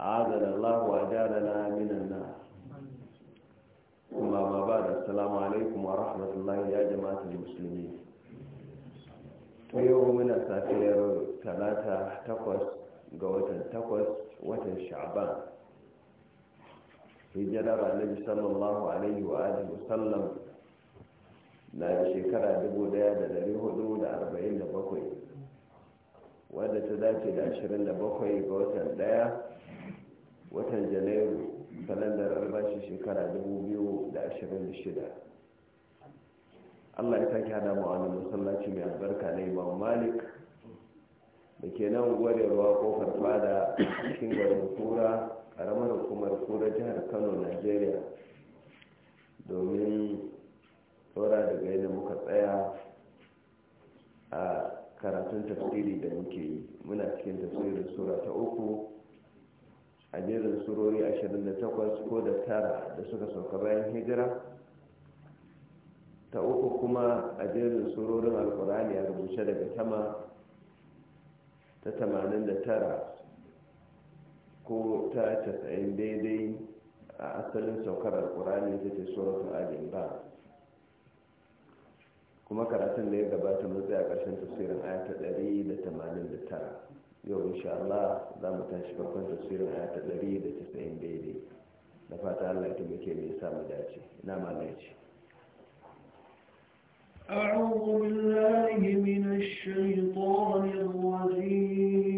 عادل الله وأجارنا من النار ثم ما بعد السلام عليكم ورحمة الله يا جماعة المسلمين ويوم من الساكير ثلاثة تقص قوة تقص وتن شعبان في جنر النبي صلى الله عليه وآله وسلم na shekara 1447 wadda ta dace da 27 ga watan daya watan janairu kalandar albashi shekara 2026 allah ya sake hada ma'anin musallaci mai albarka na imam malik da ke nan gwarewa kofar fada cikin garin kura karamar hukumar kura jihar kano nigeria domin tsora daga yadda muka tsaya a karatun tafsiri da muke yi muna cikin tafsirin sura ta uku a jerin surori 28 ko da tara da suka sauka bayan hijira ta uku kuma a jerin surorin alkurani a rubuce daga tama ta 89 ko ta 90 daidai a asalin saukar alkurani ta ce suratun alin ba kuma karatun da ya gabata mun a ƙarshen tafsirin ayata 189 yau insha Allah za mu tashi farkon tafsirin a ta ɗari da casa'in daidai da fata Allah ta muke mai sa mu dace ina ma na ce أعوذ بالله من الشيطان الرجيم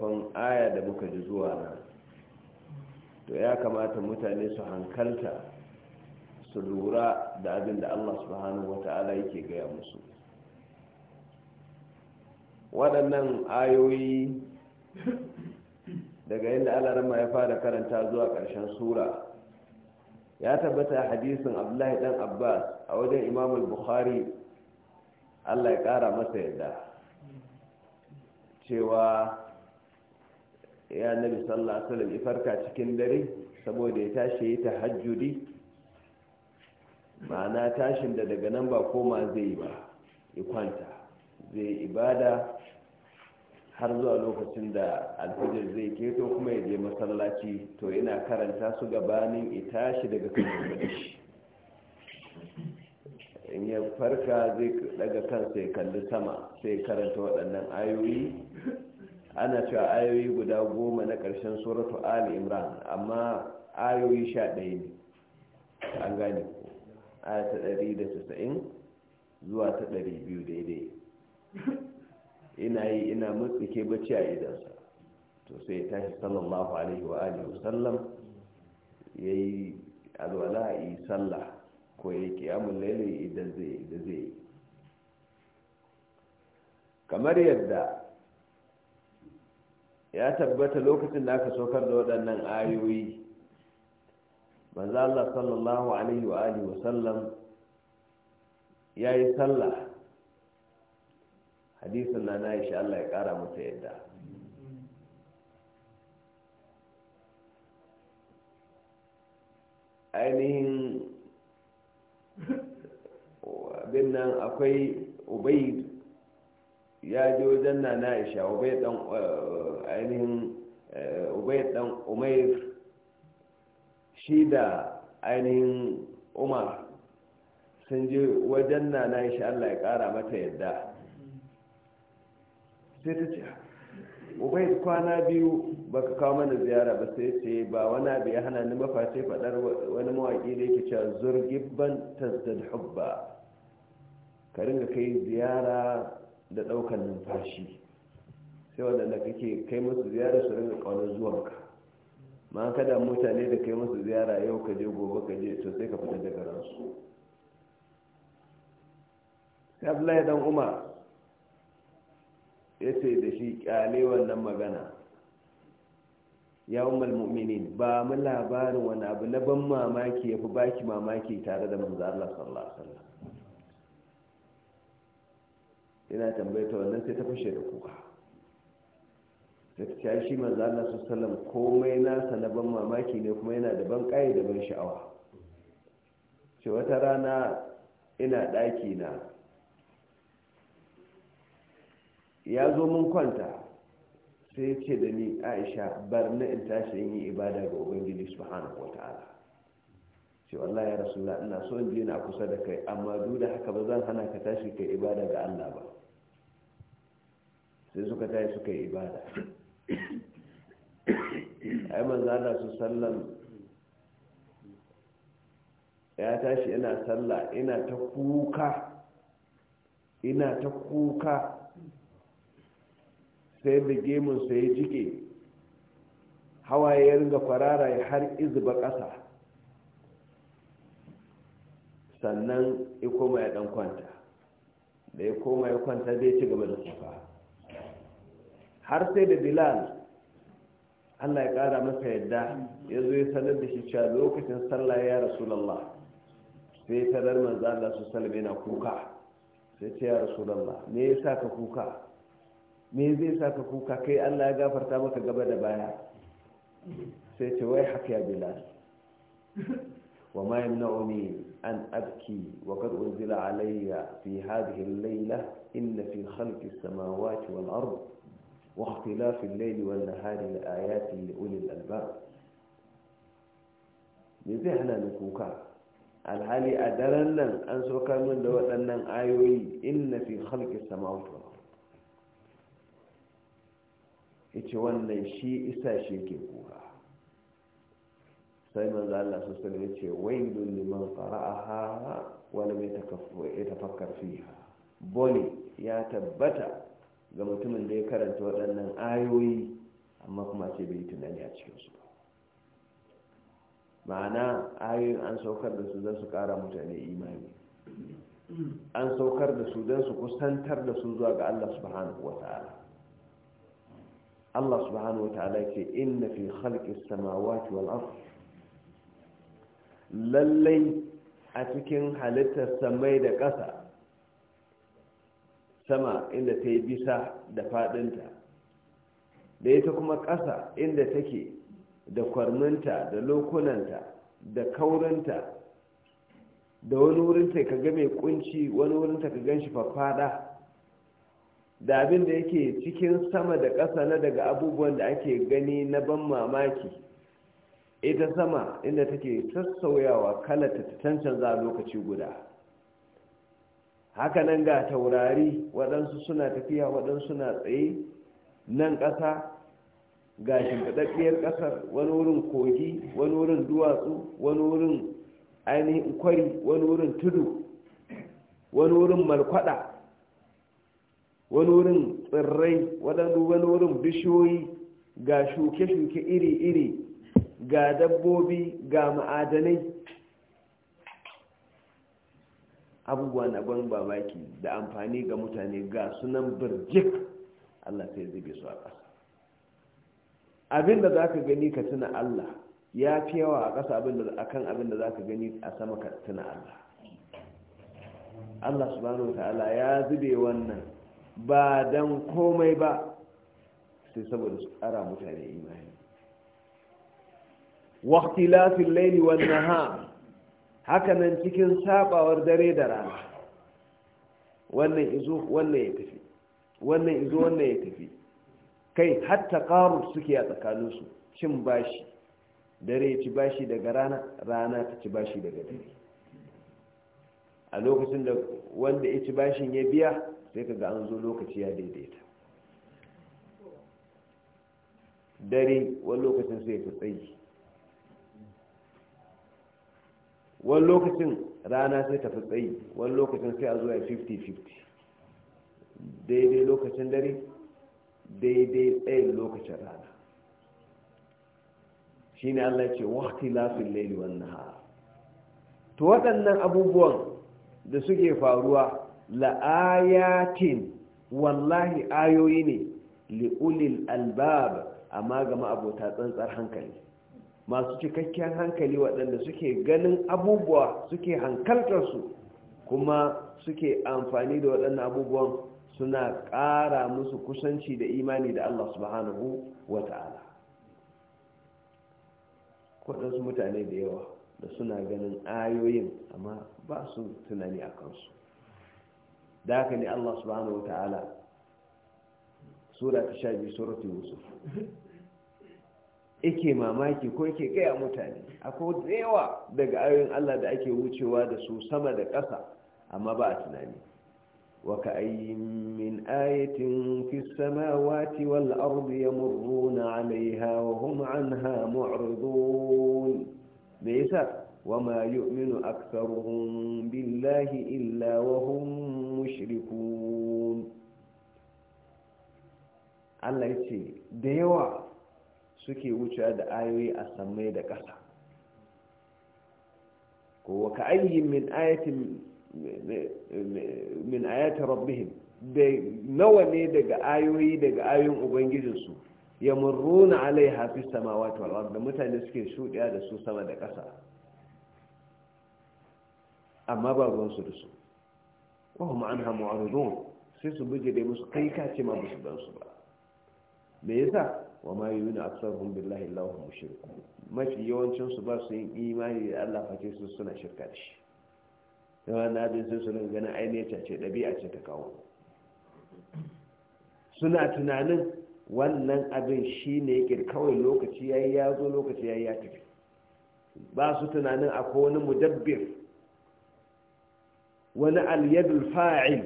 farkon aya da muka ji zuwa na to ya kamata mutane su hankalta su lura da abin da allah subhanahu wata'ala yake gaya musu waɗannan ayoyi daga yadda alarama ya fara karanta zuwa ƙarshen sura ya tabbata hadisin abdullahi dan abbas a wajen imamul bukhari allah ya ƙara masa yadda cewa ya nabi sallallahu alaihi wasallam farka cikin dare saboda ya tashi ya tahajjudi ma'ana tashin da daga nan ba koma zai yi ba ya kwanta zai ibada har zuwa lokacin da alfajir zai keto kuma ya je masallaci to yana karanta su gabanin ya tashi daga kan shi in ya farka zai daga kansa ya kalli sama sai karanta waɗannan ayoyi ana cewa ayoyi guda goma na ƙarshen suratu ali imran amma ayoyi sha ɗaya ne an gane ko aya ta ɗari da tasa'in zuwa ta ɗari biyu daidai ina yi ina mutsike bacci a idansa to sai ya tashi sallallahu alaihi wa alihi sallam ya yi alwala yi sallah ko ya yi kiyamun laili idan zai yi kamar yadda ya tabbata lokacin da aka saukar da waɗannan ayoyi manzo Allah sallallahu alaihi wa alihi wa sallam yi sallah hadisun na na insha Allah ya kara masa yadda ainihin abin nan akwai ubaid ya je wajen na na isha dan eh, ainihin eh, dan umair shi da ainihin umar sun je wajen na na allah ya kara mata yadda sai ta ce kwana biyu ba ka kawo mana ziyara ba sai ce ba wani abu ya hana ni maface fadar wani mawaƙi da yake cewa zurgibban tasdad hubba ka ringa kai ziyara da ɗaukar numfashi sai waɗanda kake kai musu ziyara su rinka ƙaunar ka ma kada mutane da kai musu ziyara yau ka je gobe ka je to sai ka fita daga ransu sai abdullahi dan umar ya ce da shi kyale wannan magana ya umar mu'minin ba mu labarin wani abu na ban mamaki ya fi baki mamaki tare da manzo sallallahu yana tambaye ta wannan sai ta fashe da kuka da ta shi manzo Allah su komai nasa na ban mamaki ne kuma yana da ban kai da ban sha'awa ce wata rana ina daki na ya zo mun kwanta sai ce da ni aisha bar na in tashi in yi ibada ga ubangiji subhanahu wata'ala ce wallahi ya rasulullah ina so in je na kusa da kai amma duk da haka ba zan hana ka tashi kai ibada ga Allah ba sai suka tayi suka yi ibada ai manzo Allah su sallan ya tashi ina sallah ina ta kuka ina ta kuka sai da gemun sai jike hawaye ya ringa ya har izuba ƙasa sannan ya koma ya dan kwanta da ya koma ya kwanta zai ci gaba da safa har sai da bilal allah ya kara masa yadda ya zo ya sanar da shi cewa lokacin sallah ya rasulallah sai ta dar manzo allah su salama na kuka sai ce ya rasulallah me ya sa ka kuka me zai sa ka kuka kai allah ya gafarta maka gaba da baya sai ce wai haka ya bilal wa ma yamna'uni an abki wa qad unzila alayya fi hadhihi al-layla inna fi khalqi as-samawati wal ardi واختلاف الليل والنهار لآيات لأولي الألباب me zai hana ni kuka alhali a daren nan an soka min da waɗannan ayoyi inna fi halki samawati ita wannan shi isa shi ke kuka sai manzo Allah su sallame ce wailul liman qara'aha wa lam yatafakkaru fiha bone ya tabbata ga mutumin da ya karanta waɗannan ayoyi amma kuma ce bai tunani a cikinsu ba ma'ana ayoyin an saukar da su don su ƙara mutane imani an saukar da su don su kusantar da su zuwa ga allah subhanahu wa ta'ala allah subhanahu wa ta'ala ke inna fi khalqis samawati wal lallai a cikin halittar samai da ƙasa sama inda ta yi bisa da fadinta da ita kuma ƙasa inda take da kwarminta da lokunanta da kaurinta da wani wurinta ka ga mai kunci wani wurinta ka gan shi fafada da abin da yake cikin sama da ƙasa na daga abubuwan da ake gani na ban mamaki ita sama inda take sassauyawa kalata ta cancanza lokaci guda haka nan ga taurari waɗansu suna tafiya waɗansu suna tsaye nan ƙasa ga shimfiɗaɗɗiyar ƙasar wani wurin kogi wani wurin duwatsu wani wurin ainihin kwari wani wurin tudu wani wurin malkwada wani wurin tsirrai waɗansu wani wurin bishiyoyi ga shuke-shuke iri-iri ga dabbobi ga ma'adanai abubuwa na ban babaki da amfani ga mutane ga sunan birjik allah sai zube su a ƙasa Abin da za ka gani ka tuna allah ya fi yawa a ƙasa akan da za ka gani a sama ka tuna allah allah subhanahu wa ta'ala ya zube wannan ba don komai ba sai saboda su ƙara mutane imani waqtilafil laili wannan ha. hakanan cikin sabawar dare da rana wannan izo wannan ya tafi wannan izo wannan ya tafi kai hatta qarus suke a tsakaninsu cin bashi dare ya ci bashi daga rana rana ta ci bashi daga dare a lokacin da wanda ya ci bashin ya biya sai ka ga an zo lokaci ya daidaita dare wani lokacin sai ya fi wani lokacin rana sai ta fi tsayi wani lokacin sai a zuwa 50-50 daidai lokacin dare daidai tsayin lokacin rana shi ne allah ce wakti lafin laili wannan ha to waɗannan abubuwan da suke faruwa la'ayatin wallahi ayoyi ne li'ulil albab amma gama abota tsantsar hankali masu cikakken hankali waɗanda suke ganin abubuwa suke hankaltarsu kuma suke amfani da waɗannan abubuwan suna ƙara musu kusanci da imani da Allah subhanahu wa ta'ala waɗansu mutane da yawa da suna ganin ayoyin amma ba su tunani a kansu da haka ne Allah subhanahu wa ta'ala sura ta sha biyu suratul yusuf yake mamaki ko yake gaya mutane akwai da yawa daga ayoyin Allah da ake wucewa da su sama da ƙasa amma ba a tunani waka ayyin min ayatin fi samawati wal ardi yamurruna alaiha wa hum anha mu'ridun me yasa wama yu'minu aktharuhum billahi illa wa hum mushrikun Allah yace da yawa suke wucewa da ayoyi a samai da ƙasa ko ka ayyin min ayatin min rabbihim da nawa ne daga ayoyi daga ayoyin ubangijinsu ya murruna alai hafi samawati wal da mutane suke shuɗiya da su sama da ƙasa amma ba su da su wahum anha mu'ridun sai su bijire musu kai kace ma bisu dan su ba me yasa wa ma yi aksar aksarhum billahi illahum mushriku mafi yawancin su ba su yin imani da Allah fa su suna shirka da shi yawa wani abin sun suna ganin ainihin ce ɗabi'a ce ta kawo suna tunanin wannan abin shi ne yake kawai lokaci ya yi ya zo lokaci ya yi ya tafi ba su tunanin akwai wani mudabbir wani alyadul fa'il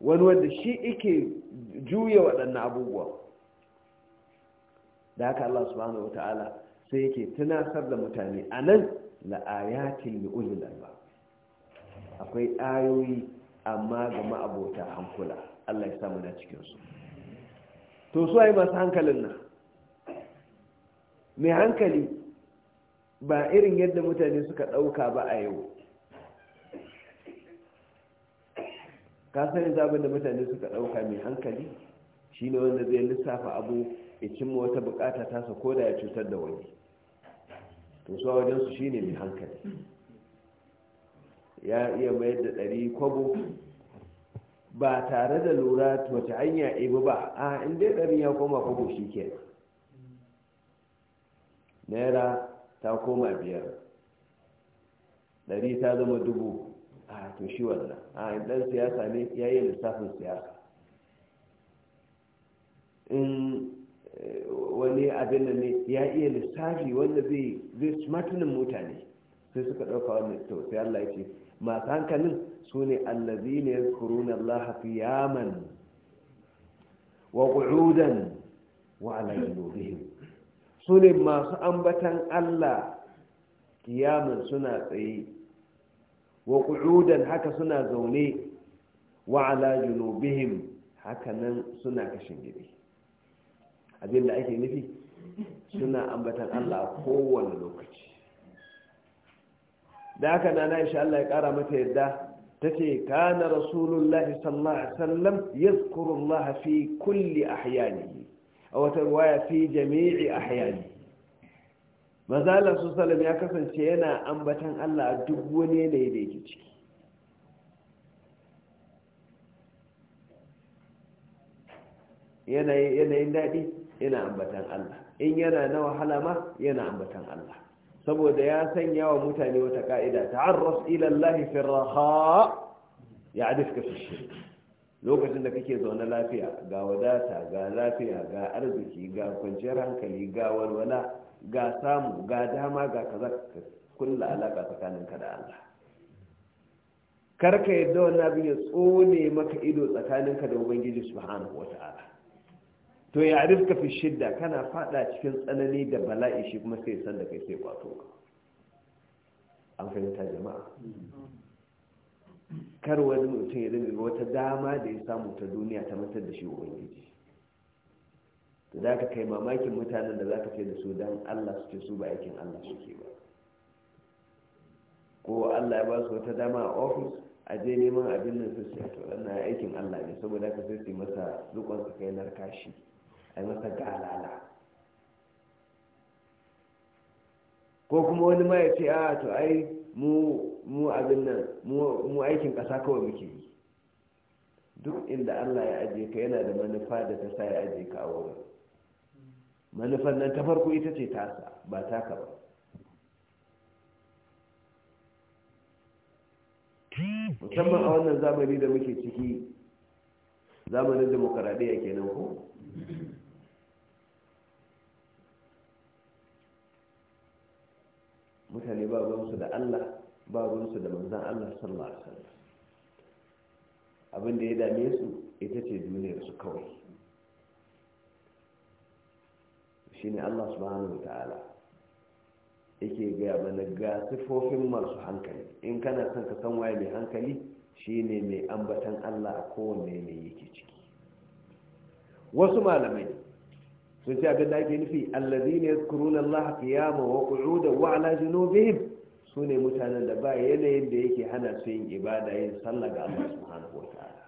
wani wanda shi ike juya waɗannan abubuwa da haka Allah subhanahu wataala sai yake tunasar da mutane a nan la'ayatin li'ulil albab akwai ayoyi amma ga ma'abota hankula Allah ya samu na cikinsu to su ai masu hankalin nan mai hankali ba irin yadda mutane suka ɗauka ba a yau ka sani zaɓin da mutane suka ɗauka mai hankali shine wanda zai lissafa abu ya wata bukata ta ko da ya cutar da wani to su a wajensu shine mai hankali ya iya mayar da ɗari kwabo ba tare da lura wace hanya ibi ba a inda ɗari ya koma kwabo shi ke naira ta koma biyar ɗari ta zama dubu a to shi wannan a ɗan siyasa ne ya yi lissafin siyasa wani abin da ne ya iya lissafi wanda zai zai smartinin mutane sai suka ɗauka wannan to sai Allah ya ce masu hankalin su ne allazi ne na Allah yaman wa ƙudan wa ala su ne masu ambatan Allah kiyaman suna tsaye wa ƙudan haka suna zaune wa ala jinubihim haka nan suna kashin gidi abin da ake nufi suna ambatan Allah kowane lokaci da haka na insha Allah ya kara mata yadda ta ce kana rasulullahi sallallahu alaihi wasallam fi kulli ahyanihi a wata riwaya fi jami'i ahyani mazalar su ya kasance yana ambatan Allah a duk wani yanayi da yake ciki yanayin daɗi Ina ambatan Allah in yana na wahala ma yana ambatan Allah saboda ya sanya wa mutane wata ka'ida ta'arras ila Allah fi raha ya adiska fi shi lokacin da kake zaune lafiya ga wadata ga lafiya ga arziki ga kwanciyar hankali ga walwala ga samu ga dama ga kaza kulla alaka ka da Allah karka yadda wannan abin ya tsone maka ido tsakanin ka da ubangiji subhanahu wata'ala to ya arifka fi shidda kana fada cikin tsanani da bala'i shi kuma sai san da kai sai kwato ka an fahimta jama'a kar wani mutum ya ga wata dama da ya samu ta duniya ta matar da shi ubangiji to da ka kai mamakin mutanen da za ka ce da su don allah su ce su ba aikin allah suke ba ko allah ya ba su wata dama a ofis a je neman abin nan su ce to na aikin allah ne saboda ka sai su masa rukon su kai narkashi a yi masa alala ko kuma wani ma ya ce a ah, to ai mu abin nan mu aikin ƙasa kawai muke yi duk inda allah ya ajiye ka yana da manufa da ta sa ya ajiye ka a wurin manufan nan ta farko ita ce tasa ba taka ba musamman a wannan zamani da muke ciki zamanin demokaradiyya kenan ko ba ruwansu da allah ba ruwansu da manzan allah sallallahu alaihi wasallam abin da ya dame su ita ce duniyarsu kawai shine allah subhanahu wa ta'ala yake gaya mana ga siffofin masu hankali in kana son ka san waye mai hankali shine mai ambatan allah a kowanne ne yake ciki wasu malamai sun ce abin da ake nufi allazi ne kuruna Allah kiyama wa qu'uda wa ala su ne mutanen da ba yanayin da yake hana su yin ibada yin sallah ga Allah subhanahu wa ta'ala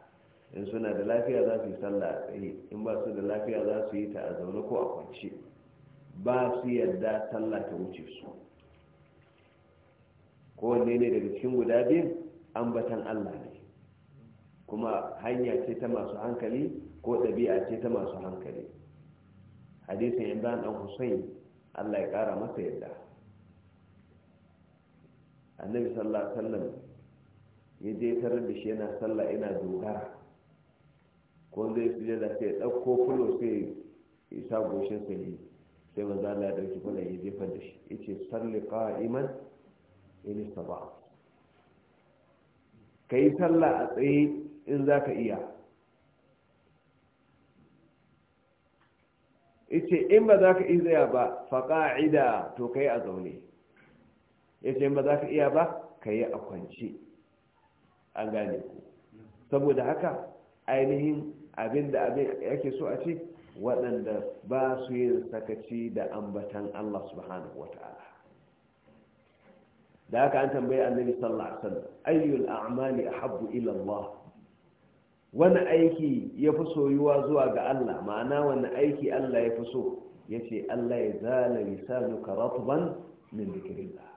in suna da lafiya za su yi sallah tsaye in ba su da lafiya za su yi ta a zaune ko a kwance ba su yarda sallah ta wuce su wanne ne daga cikin guda biyu ambatan Allah ne kuma hanya ce ta masu hankali ko ɗabi'a ce ta masu hankali hadisin imran dan husayn Allah ya kara masa yadda annabi sallallahu alaihi wasallam ya je tarar da shi yana sallah ina dogara ko zai fi da sai ɗauko fulo sai isa goshin sa yi sai manzo Allah ya dauki fulo ya jefa da shi yace salli ƙa'iman in ka kai sallah a tsaye in za ka iya yace in ba za ka iya ba faƙa'ida to ka yi a zaune yace in ba za ka iya ba ka yi a kwance an gane ku saboda haka ainihin abin da abin yake so a ce waɗanda ba su yi sakaci da ambatan Allah subhanahu wa ta'ala da haka an tambayi annabi sallallahu alaihi wasallam ayyul a'mali ahabbu ila Allah wani aiki ya fi soyuwa zuwa ga Allah ma'ana wani aiki Allah ya fi so ya ce Allah ya zala lisanuka ratban min dhikrillah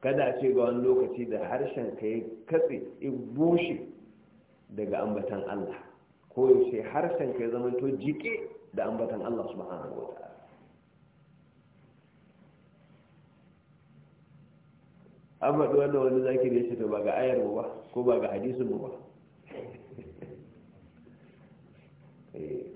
kada ce ga wani lokaci da harshen ka ya katse in bushe daga ambatan Allah ko yaushe harshen ka ya zama to jike da ambatan Allah subhanahu wa ta'ala amma duwanda wani zakiri ya ce to ba ga ayar ba ko ba ga hadisin ba Eh,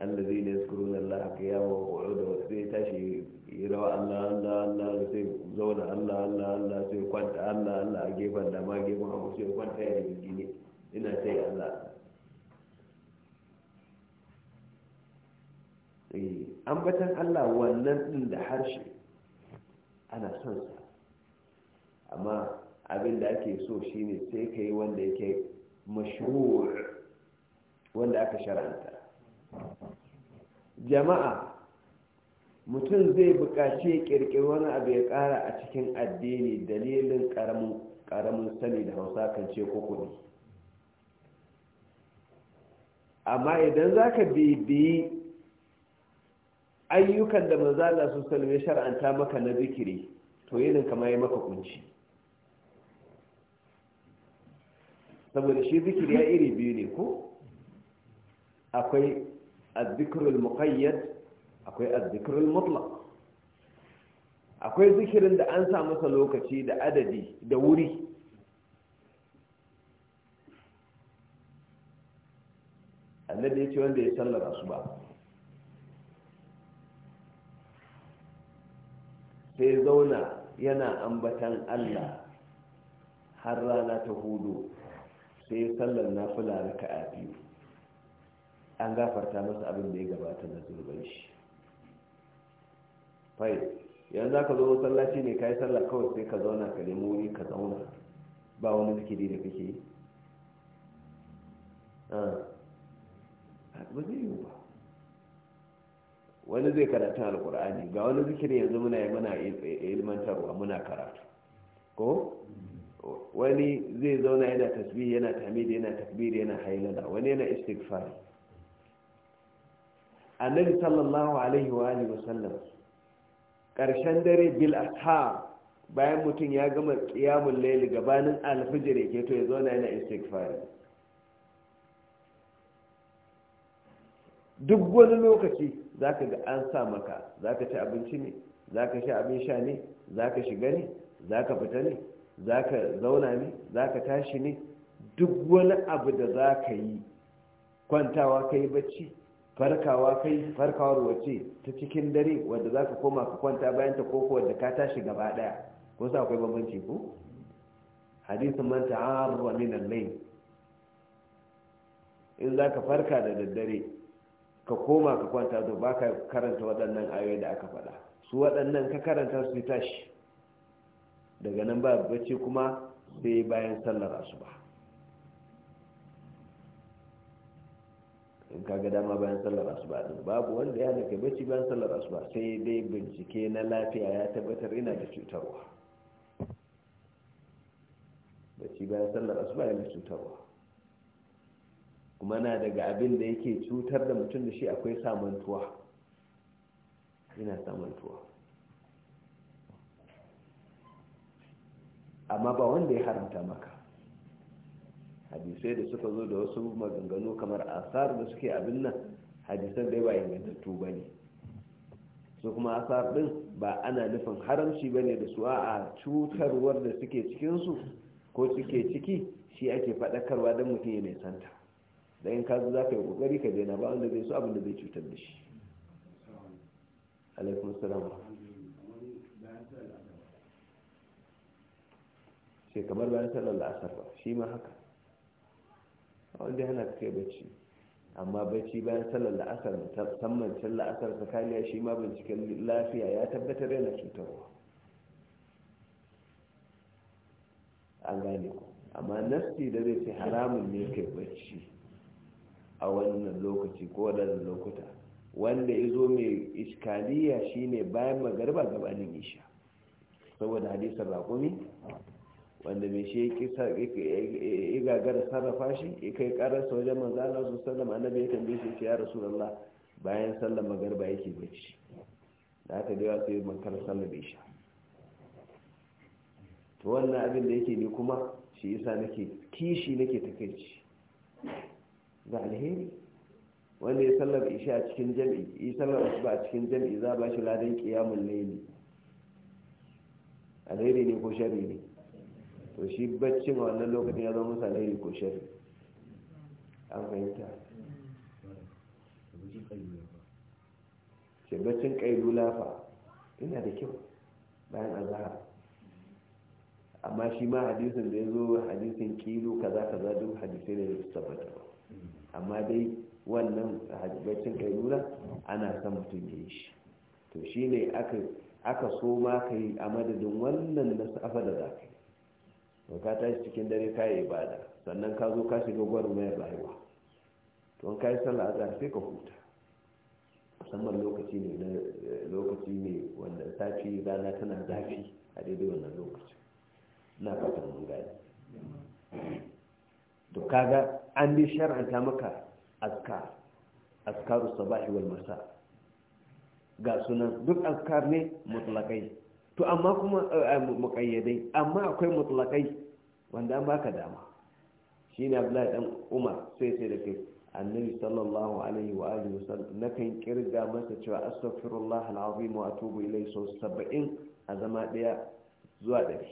allazi ne sukuru na Allah haka yawa da wasu sai tashi yi rawa Allah Allah Allah sai zauna Allah Allah Allah sai kwanta Allah Allah a gefen da ma gefen hagu sai kwanta ya yi gini ina sai Allah eh, ambatan Allah wannan din da harshe ana son sa amma abin da ake so shine sai ka yi wanda yake mashru' wanda aka shara'anta jama'a mutum zai buƙaci ƙirƙiri wani abu ya ƙara a cikin addini dalilin ƙaramin sani da hausa kan ce kuɗi. amma idan za ka bibiyi ayyukan da manzala su salme shara'anta maka na zikiri to yinin kama yi maka kunci saboda shi zikiri ya iri biyu ne ko akwai azzikrul muqayyad akwai azzikrul mutlaq akwai zikirin da an sa masa lokaci da adadi da wuri annabi ya wanda ya sallar asuba sai zauna yana ambatan allah har rana ta hudu sai sallar nafila raka'a biyu an gafarta masa abin da ya gabata na zurban shi fai yanzu aka zo sallaci ne ka yi sallah kawai sai ka zauna ka nemo wuri ka zauna ba wani zikiri da kake yi ah, ba zai yi ba wani zai karatun alkur'ani ga wani zikiri yanzu muna yi muna eh, ilmantarwa muna karatu ko wani zai zauna yana tasbih yana tamid yana takbir yana hailala wani yana istighfari annabi sallallahu alaihi wa alihi wasallam ƙarshen dare bil asha bayan mutum ya gama ƙiyamun layl gabanin alfijir yake to ya zauna yana istighfar duk wani lokaci za ka ga an sa maka za ka ci abinci ne za ka sha abin sha ne zaka shiga ne zaka ka fita ne za zauna ne za tashi ne duk wani abu da za ka yi kwantawa ka bacci farkawa kai farkawar wace ta cikin dare wadda za ka koma ka kwanta bayan ta koko wadda ka tashi gaba daya ko sa akwai bambanci ko hadisin man ta'arra min al-layl in za ka farka da daddare ka koma ka kwanta to ba ka karanta waɗannan ayoyi da aka faɗa su waɗannan ka karanta su tashi daga nan ba bacci kuma sai bayan sallar asuba in kaga dama bayan sallar asuba din babu wanda ya nake bacci bayan sallar asuba sai dai bincike na lafiya ya tabbatar ina da cutarwa bacci bayan sallar asuba yana cutarwa kuma na daga abin da yake cutar da mutum da shi akwai samantuwa ina samantuwa amma ba wanda ya haramta maka hadisai da suka zo da wasu maganganu kamar asar da suke abin nan hadisan da ba ingantattu ba ne su kuma asar din ba ana nufin haramci ba ne da su a cutarwar da suke cikinsu ko suke ciki shi ake faɗakarwa don mutum ya santa da in kazu za ka yi ƙoƙari ka daina ba wanda zai so abin da zai cutar da shi kamar bayan shi ma haka wanda hana ka kai bacci amma bacci bayan sallar la'asar musamman can la'asar tsakaniya shi ma binciken lafiya ya tabbatar yana cutarwa an gane ku amma nafsi da zai ce haramun ne kai bacci a wannan lokaci ko wadannan lokuta wanda ya zo mai iskaliya shine bayan magarba gabanin isha saboda hadisar rakumi wanda mai shi ya gagara sarrafa shi ya kai kararsa wajen manzo Allah su sallama annabi ya tambaye shi ya rasulullah bayan sallar magarba yake bacci da aka da yawa sai makar sallar isha to wannan abin da yake ne kuma shi yasa nake kishi nake takaici da alheri wanda ya sallar isha a cikin jami'i ya sallar ba a cikin jami'i za ba shi ladan qiyamul layli alheri ne ko shari ne to shi baccin a wannan lokacin ya zama musa lairi ko shari an fahimta ce baccin ƙailu lafa ina da kyau bayan azahar amma shi ma hadisin da ya zo hadisin kilo kaza kaza duk hadisai da su tabbata ba amma dai wannan baccin na ana son mutum ya yi shi to shi ne aka so ma ka yi a madadin wannan na safa da za ka yi to ka tashi cikin dare ka yi ibada sannan ka zo ka shiga gwarmayar rayuwa to ka yi sallah a sai ka huta musamman lokaci ne lokaci ne wanda safi rana tana zafi a daidai wannan lokaci na fatan mun gani to kaga an bi shar'anta maka azkar azkaru sabahi wal masa ga sunan duk azkar ne mutlaqai to amma kuma eh, eh, muƙayyadai amma akwai mutlaƙai wanda an baka dama shi ne abdullahi dan umar sai sai da kai annabi sallallahu alaihi wa alihi wasallam na kan kirga masa cewa astaghfirullah alazim wa atubu ilayhi sau 70 a zama daya zuwa dari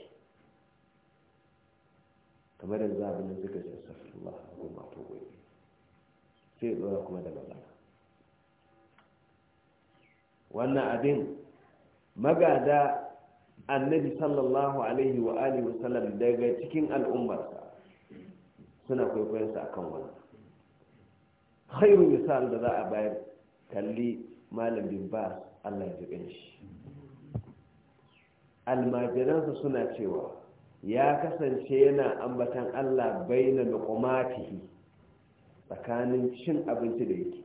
kamar yanzu abin da suka ce astaghfirullah alazim wa atubu ilayhi sai dora kuma da magana wannan abin magada annabi sallallahu alaihi wa alihi wasallam daga cikin al'ummarsa suna kwaikwayonsa akan wannan khairu misal da za a bayar kalli malam bin ba Allah ya jibe shi almajiransa suna cewa ya kasance yana ambatan Allah baina luqmatihi tsakanin cin abinci da yake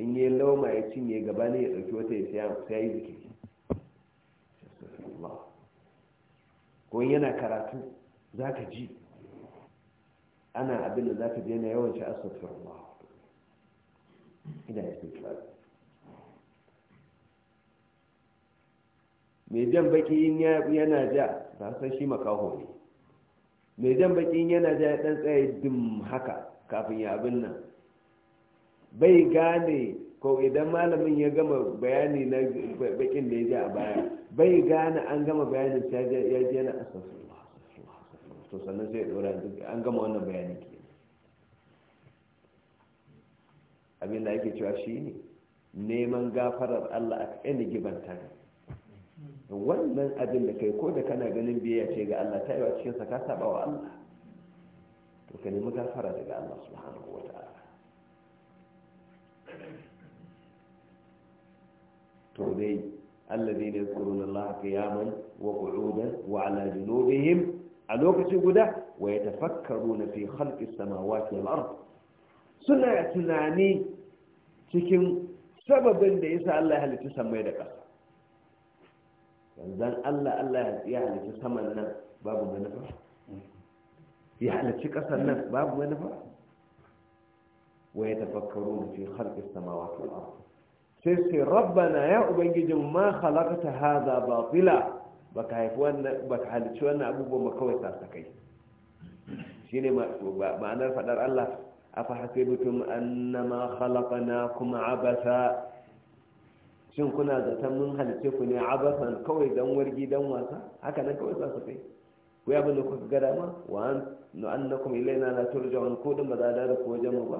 in yi lauma ya cinye gaba ne ya dauki wata ya sai yi zikiri ko yana karatu za ka ji ana abin da za ka ji yana yawanci asafin Allah ina istighfar mai jan baki yana ja ba san shi makaho ne mai jan baki yana ja ya dan tsaye dim haka kafin ya abin nan bai gane ko idan malamin ya gama bayani na bakin da ya ji a baya bai gane an gama bayanin ta ya ji yana to sannan sai ya an gama wannan bayani ke abin da ake cewa shi ne neman gafarar allah a kan giban ta wannan abin da kai ko da kana ganin biyayya ce ga allah ta yi wa cikinsa ka saba wa allah to ka nemi gafara daga allah subhanahu wa ta'ala تعدي الذين يذكرون الله قياما وقعودا وعلى جنوبهم على وقت ويتفكرون في خلق السماوات والأرض سنة تناني تكن سببا ليس الله اللي تسمى يدك يعني الله الله يعني تسمى النفس باب ما نفع يعني تكسى النفس باب ما ويتفكرون في خلق السماوات والأرض sai su rabbana ya ubangijin ma halakata haza batila baka haifi wannan baka halici wannan abubuwan ba kawai sakai shine ma'anar fadar Allah afa hasibtum annama khalaqnakum abasa shin kuna zaton mun halice ku ne abasan kawai dan wargi dan wasa haka nan kawai sasakai ku ya bane ku gada ma wa annakum ilaina la turja'un ko dan ba za da ku wajen mu ba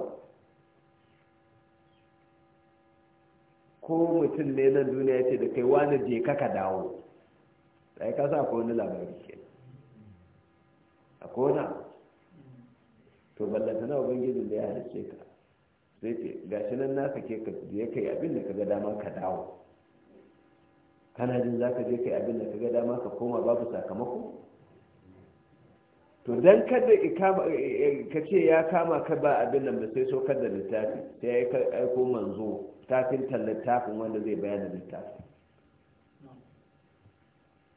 ko mutum ne nan duniya ce da kai wani je ka dawo sai ka sa ko wani labari ke a kona to ballanta na ubangijin da ya halice ka sai ce gashi nan na ke ka je kai abin da ka ga dama ka dawo kana jin za ka je kai abin da ka ga dama ka koma babu sakamako to dan kada ka ce ya kama ka ba abin nan ba sai saukar da littafi sai ya aiko manzo tafin littafin wanda zai da littafi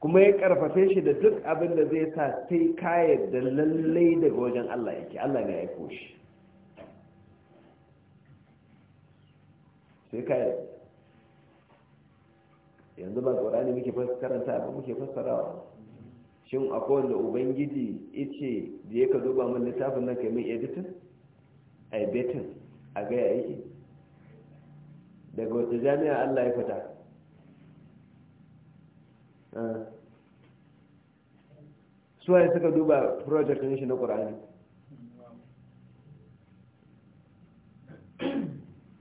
kuma ya karfafe shi da duk abin da zai sa sai kayar da lallai daga wajen allah yake allah ne ya aiko shi sai kayar yanzu ba ƙorani muke karanta ba muke fassarawa shin akwai wanda ubangiji ice da ya ka duba min littafin nan kai min editin a betin a gaya aiki daga wata jami'a allah ya fita ah. suwaye suka duba project shi na ƙura'ani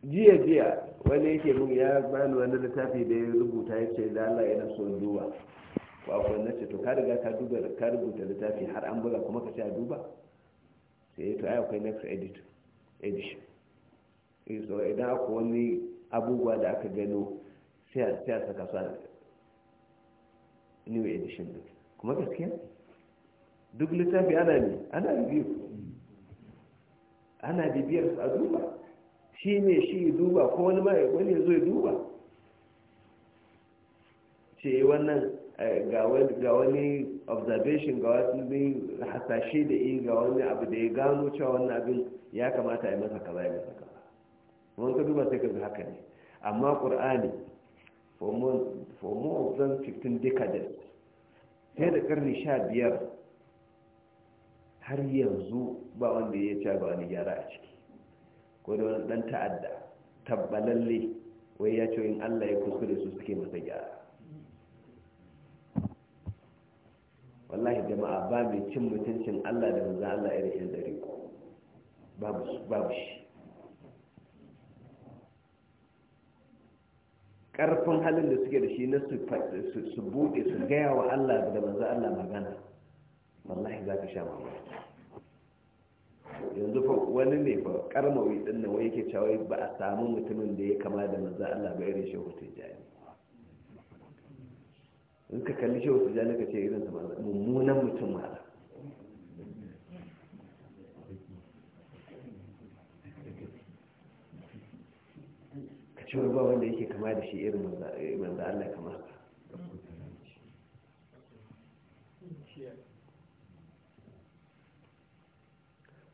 jiya jiya wani yake mun ya bani wani littafi da ya rubuta ya ce da allah yana son duba ba ku na ce to ka riga ka duba ka rubuta littafi har an bula kuma ka ce a duba sai to ai akwai next edit edition so oh, idan akwai wani abubuwa da aka gano sai a saka su a new edition din kuma gaskiya duk littafi ana ne ana review ana bibiyar su a duba shi ne shi duba ko wani ma wani ya zo ya duba ce wannan ga wani observation ga wani hasashe da yi ga wani abu da ya gano cewa wannan abin ya kamata a yi masa kaza ya masa kaza wani ka duba sai ka ga haka ne amma ƙur'ani for more than 15 decades sai da karni sha biyar har yanzu ba wanda ya ce ga wani gyara a ciki ko da wani ɗan ta'adda tabbalalle wai ya ce in allah ya kuskure su suke masa gyara wallahi jama'a ba mai cin mutuncin Allah da manzan Allah irin yan dare babu shi ƙarfin halin da suke da shi na su buɗe su gaya wa Allah da manzan Allah magana wallahi za ka sha mamaki yanzu fa wani ne fa karmawi dinnan nan wai yake cewa ba a samu mutumin da ya kama da manzan Allah ba irin shehu tijani in ka kalli shi wasu jani ka ce irin sa mummunan mutum mala ka ce ba wanda yake kama da shi irin manzo eh, Allah kama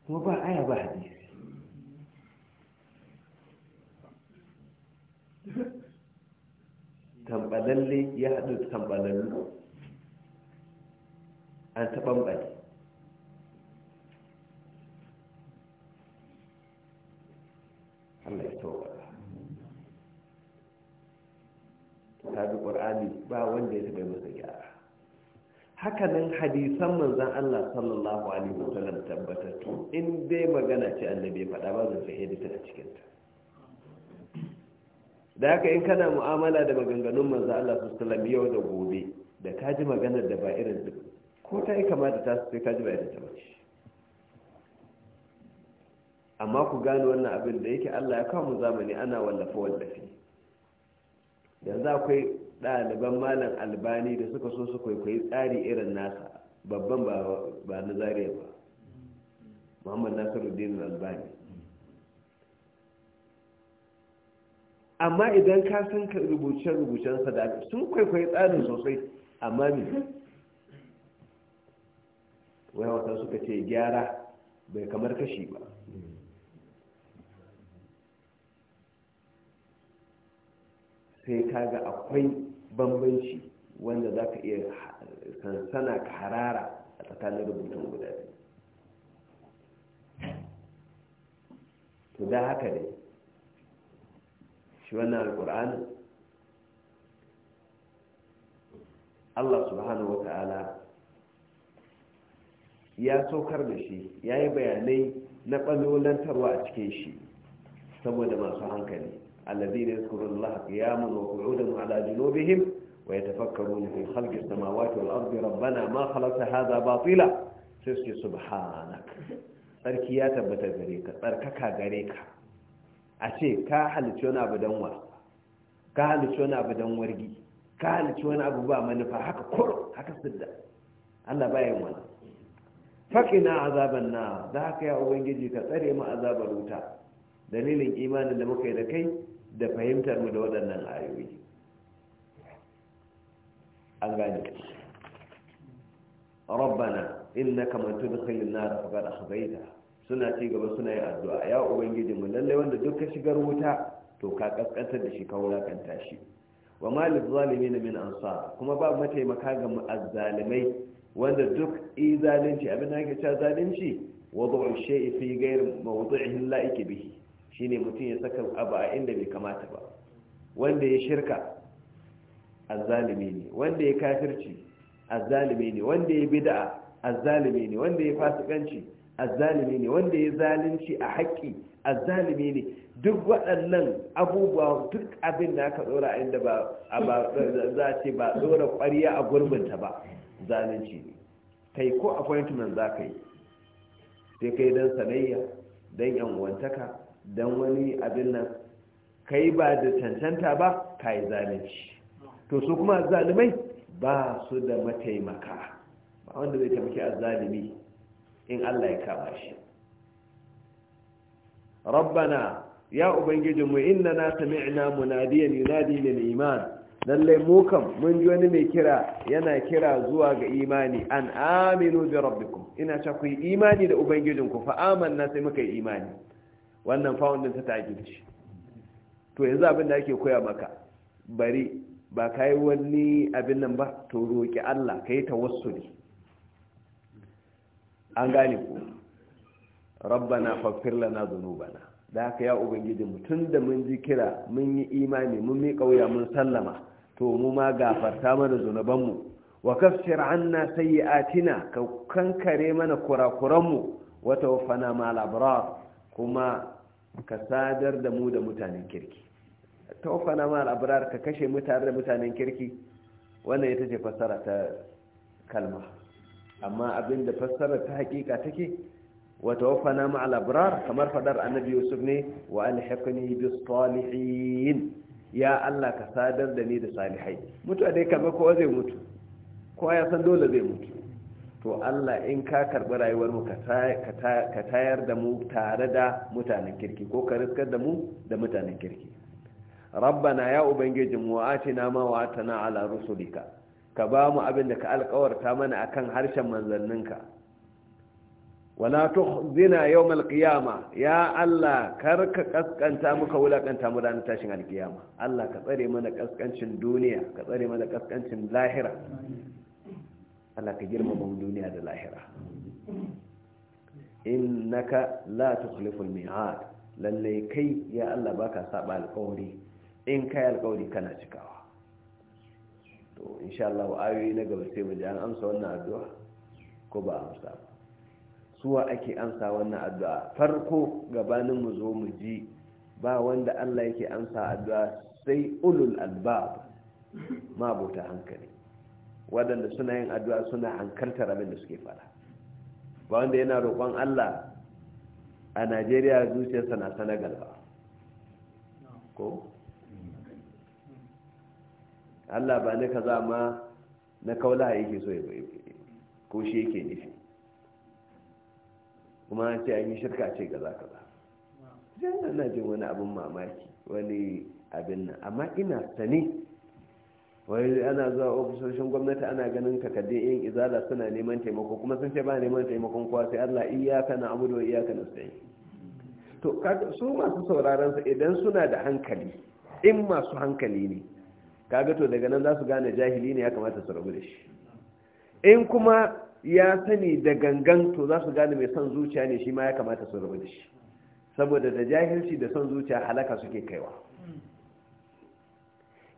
kuma ba aya ba hadisi tambalalle ya haɗu da tambalallu an ta ɓanɓare Allah ya ta bi ƙwar'ani ba wanda ya taɓa masa gyara hakanan hadisan manzan Allah sallallahu alaihi wasallam tabbatattu in dai magana ce annabi ya faɗa ba zan fahimta a cikinta da haka in kana mu'amala da maganganun manzo Allah sallallahu yau da gobe da ka ji da ba irin duk ko ta yi kamata da tasu sai ka ji ba irin ta bace amma ku gane wannan abin da yake Allah ya kawo mu zamani ana wallafa wallafi yanzu akwai ɗaliban malam albani da suka so su kwaikwayi tsari irin nasa babban ba na zariya ba muhammad nasiruddin albani amma idan ka san ka rubuce sa da sun kwaikwayi tsarin sosai amma ne wai wata suka ce gyara bai kamar kashi ba sai kaga akwai bambanci wanda za ka iya sansana ka harara a tsakanin rubutun guda biyu to da haka dai shi wannan alkur'ani allah subhanahu wa ta'ala ya saukar da shi ya yi bayanai na ɓalolantarwa a cikin shi saboda masu hankali allazi ne yaskurun Allah qiyamun wa qu'udan ala junubihim wa yatafakkarun fi khalqi samawati wal ardi rabbana ma khalaqta hadha batila sai subhanak sarki ya tabbata gare ka tsarkaka gare ka a ce ka halicci wani abu don wasa ka halicci wani abu don wargi ka halicci wani abu ba manufa haka koro haka sidda allah yin wani faƙina azaban na za haka ya ubangiji ka tsare mu azabar wuta dalilin imanin da muka yi da kai da fahimtar mu da waɗannan ayoyi an gane rabbana innaka man na nar faqad akhzaytaha suna ci gaba suna yin addu'a ya ubangiji mu lallai wanda duk ka shigar wuta to ka kaskantar da shi ka wulakanta shi wa malil zalimin min ansar kuma ba mataimaka ga mu azzalimai wanda duk i zalunci abin da ake cewa zalunci wad'u shay'i fi ghayr mawdi'ihi la'iki bihi shine mutum ya saka abu a inda bai kamata ba wanda ya shirka azzalimi ne wanda ya kafirci azzalimi ne wanda ya bid'a azzalimi ne wanda ya fasikanci azzalimi ne wanda ya zalunci a haƙƙi azzalimi ne duk waɗannan abubuwa duk abin da aka tsora a inda ba za ce ba tsora ƙwariya a gurbinta ba zalunci ne kai ko appointment za ka yi sai kai don sanayya don yanwantaka don wani abin nan kai ba da cancanta ba ka yi zalunci to su kuma zalimai ba su da mataimaka ba wanda zai taimaki azzalimi in Allah ya kama shi rabbana ya ubangijinmu innana sami'na munadiyan yunadi lil iman lalle mu kam mun ji wani mai kira yana kira zuwa ga imani an aminu bi rabbikum ina ta ku imani da ubangijinku fa amanna sai muka yi imani wannan fa’undin ta ta'kid to yanzu abin da ake koya maka bari ba kai wani abin nan ba to roki Allah kai tawassuli an gane ku rabbana faghfir lana dhunubana da haka ya ubangiji mu da mun ji kira mun yi imani mun mi kauya mun sallama to mu ma gafarta mana zunuban mu wa kaffir anna sayiatina ka kankare mana kurakuran mu wa tawaffana ma abrar kuma ka sadar da mu da mutanen kirki tawaffana ma abrar ka kashe mutane da mutanen kirki wannan ita ce fassara ta kalma amma abinda fassara ta hakika take wata wafana ma'al abrar kamar fadar annabi yusuf ne wa alhiqni bis salihin ya Allah ka sadar da ni da salihai mutu dai kaza kowa zai mutu kowa ya san dole zai mutu to Allah in ka karbi rayuwar mu ka tayar da mu tare da mutanen kirki ko ka riskar da mu da mutanen kirki rabbana ya ubangijin mu atina ma wa atana ala rusulika ka ba mu abin da ka alkawarta mana akan harshen manzanninka wala tukhzina yawm alqiyama ya Allah kar ka kaskanta muka wulakanta mu ranar tashin alqiyama Allah ka tsare mana kaskancin duniya ka tsare mana kaskancin lahira Allah ka girmama mu duniya da lahira innaka la tukhlifu almi'ad lalle kai ya Allah baka saba alƙawari in kai alƙawari kana cikawa to insha Allah ayoyi na gaba sai mu ji an amsa wannan addu'a ko ba amsa ba suwa ake amsa wannan addu'a farko gabanin mu zo mu ji ba wanda Allah yake amsa addu'a sai ulul albab bota hankali wadanda suna yin addu'a suna hankaltar abin da suke fara ba wanda yana roƙon Allah a Najeriya zuciyarsa na Senegal ba ko Allah ba na kaza ma na kaula yake so ya ko shi yake nufi kuma an ce an yi shirka ce ga za ka za jan na jin wani abin mamaki wani abin nan amma ina sani wai ana zuwa ofisoshin gwamnati ana ganin takardun yin izala suna neman taimako kuma sun ce ba neman taimakon kowa sai Allah iyaka na da iyaka na sai to su masu sauraron su idan suna da hankali in masu hankali ne kaga to daga nan za su gane jahili ne ya kamata su rabu da shi in kuma ya sani da gangan to za su gane mai son zuciya ne shi ma ya kamata su rabu da shi saboda da jahilci da son zuciya halaka suke kaiwa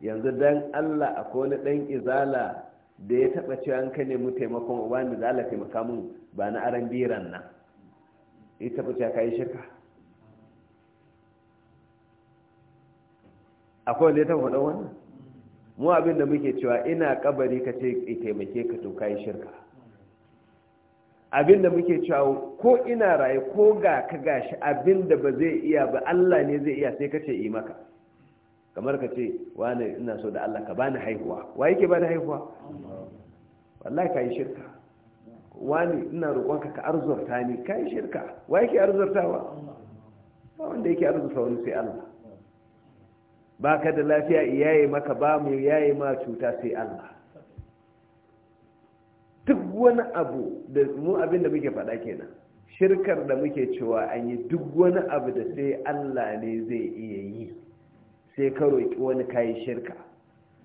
yanzu dan Allah a wani dan izala da ya taba cewa an ka nemi taimakon wa ne zala taimaka mun ba na aran biran nan ya taba cewa yi shirka akwai wanda ya taba wannan mu abin da muke cewa ina kabari ka ce taimake ka to kai shirka abin da muke cewa ko ina raye ko ga ka gashi abin da ba zai iya ba Allah ne zai iya sai ka ce yi maka kamar ka ce wani ina so da Allah ka bani haihuwa wa yake bani haihuwa wallahi kai shirka wani ina roƙon ka arzurta ni kai shirka wa yake arzurtawa ba wanda yake arzurta wani sai Allah ba ka da lafiya iyaye maka ba mu yaye ma cuta sai Allah duk wani abu da mu abin da muke faɗa kenan shirkar da muke cewa an yi duk wani abu da sai Allah ne zai iya yi sai ka roƙi wani kayi shirka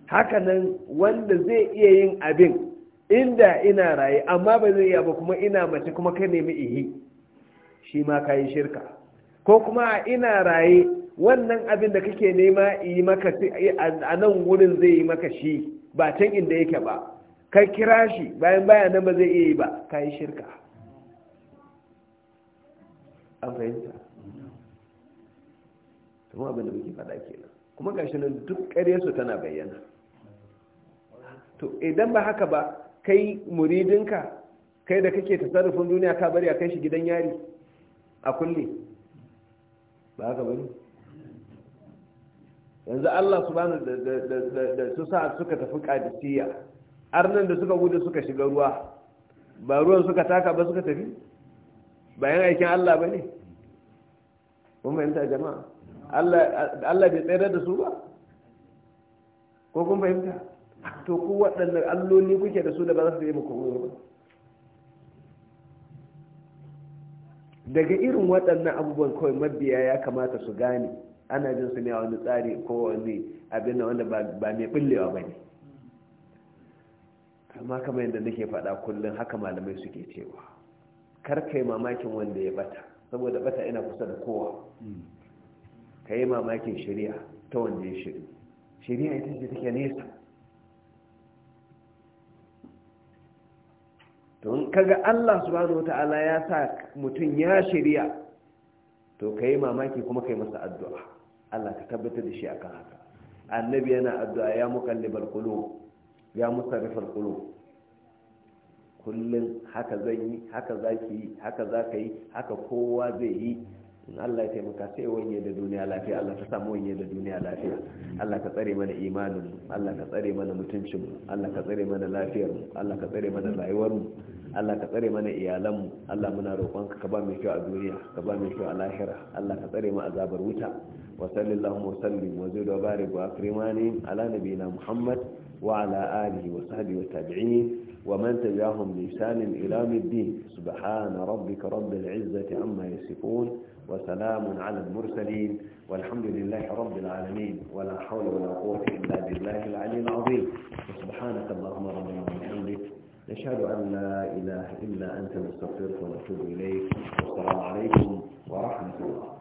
hakanan wanda zai iya yin abin inda ina raye amma ba zai iya ba kuma ina mace kuma ka nemi ihi shi ma kayi shirka ko kuma ina raye wannan abin da kake nema yi maka a nan wurin zai yi maka shi ba can inda yake ba ka kira shi bayan baya nan ba zai iya yi ba ka yi shirka an fahimta kuma abin da muke faɗa nan. kuma gashi nan duk su tana bayyana to idan ba haka ba kai muridinka kai da kake tasarrufin duniya ka bari a kai shi gidan yari a kulle ba haka bari yanzu Allah subhanahu da su sa suka tafi kadisiya arnan da suka gudu suka shiga ruwa ba ruwan suka taka ba suka tafi bayan aikin Allah ba ne kuma yanta jama'a Allah bai tsere da su ba ko kun fahimta to ku waɗanda alloli kuke da su da ba za su yi muku ba daga irin waɗannan abubuwan kawai mabiya ya kamata su gane ana jin su ne a wani tsari ko wani abin da wanda ba mai bullewa ba ne amma kama yadda nake faɗa kullum haka malamai suke cewa kar yi mamakin wanda ya bata saboda bata ina kusa da kowa ka yi mamakin shari'a ta wanda ya shiri shari'a ita ce take nesa don kaga Allah subhanahu wata'ala ya sa mutum ya shirya, to ka yi mamaki kuma ka yi masa addu'a Allah ka tabbatar da shi akan haka annabi yana addu'a ya muqallibal qulub ya musarrifal qulub kullum haka zai yi haka za haka zaka yi haka kowa zai yi in Allah ya taimaka sai wanye da duniya lafiya Allah ta samu wanye da duniya lafiya Allah ka tsare mana imanin Allah ka tsare mana mutuncin Allah ka tsare mana lafiyar Allah ka tsare mana rayuwar mu Allah ka tsare mana iyalan mu Allah muna roƙon ka ba mu kyau a duniya ka ba mu kyau a lahira Allah ka tsare mu azabar wuta wa sallallahu wa sallim wa zid barik wa akrimani ala nabiyina Muhammad wa ala alihi wa sahbihi wa tabi'in ومن تبعهم بإحسان إلى الدين سبحان ربك رب العزة عما يصفون وسلام على المرسلين والحمد لله رب العالمين ولا حول ولا قوة إلا بالله العلي العظيم سبحانك اللهم ربنا وبحمدك نشهد أن لا إله إلا أنت نستغفرك ونتوب إليك والسلام عليكم ورحمة الله